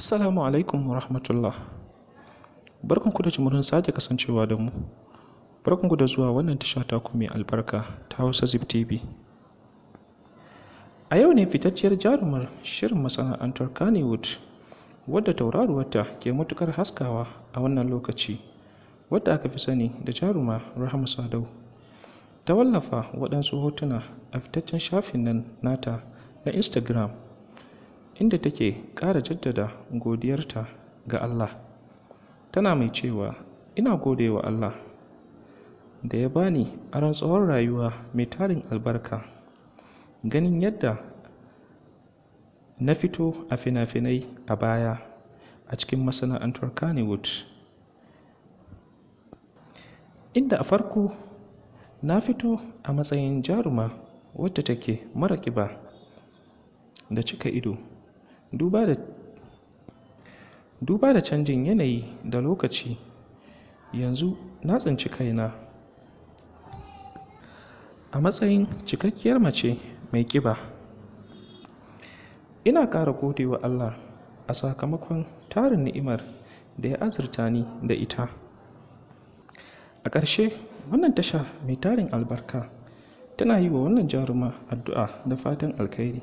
Assalamu alaikum wa rahmatullah. Barkanku da jimurin sake kasancewa da mu. Barkanku da zuwa wannan tasha ta mai albarka ta Hausa Zip TV. A yau ne fitacciyar jarumar shirin masana'antar Kannywood wadda tauraruwarta ke matukar haskawa a wannan lokaci wadda aka fi sani da jaruma Rahama Sadau. Ta wallafa waɗansu hotuna a fitaccen shafin nan nata na Instagram inda take ƙara jaddada godiyarta ga Allah tana mai cewa ina gode wa Allah da ya bani aron tsawon rayuwa mai tarin albarka ganin yadda na fito a fina-finai a baya a cikin masana'antar Kannywood inda a farko na fito a matsayin jaruma wadda take mara ƙiba da cika ido duba da canjin yanayi da lokaci yanzu na tsinci kaina a matsayin cikakkiyar mace mai ƙiba ina ƙara gode allah a sakamakon tarin ni'imar da ya azurta ni da ita a ƙarshe wannan tasha mai tarin albarka tana yi wa wannan jaruma addu'a da fatan alkhairi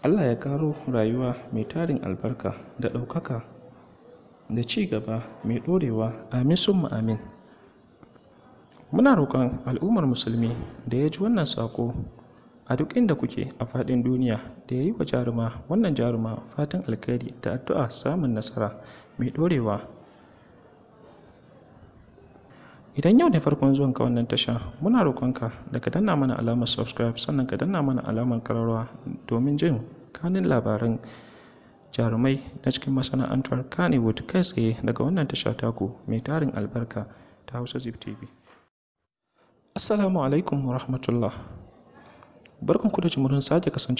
Allah ya karo rayuwa mai tarin albarka da ɗaukaka da ci gaba mai ɗorewa amin summa amin muna roƙon al'ummar musulmi da ya ji wannan sako a duk inda kuke a faɗin duniya da ya yi wa jaruma wannan jaruma fatan alkhairi da addu'a samun nasara mai ɗorewa idan yau ne farkon zuwan ka wannan tasha muna roƙonka da ka danna mana alamar subscribe sannan ka danna mana alamar kararwa domin jin kanin labaran jarumai na cikin masana'antar Kannywood kai tsaye daga wannan tasha taku mai tarin albarka ta Hausa Zip TV. Assalamu alaikum wa rahmatullah. Barkanku da jimurin sake kasance.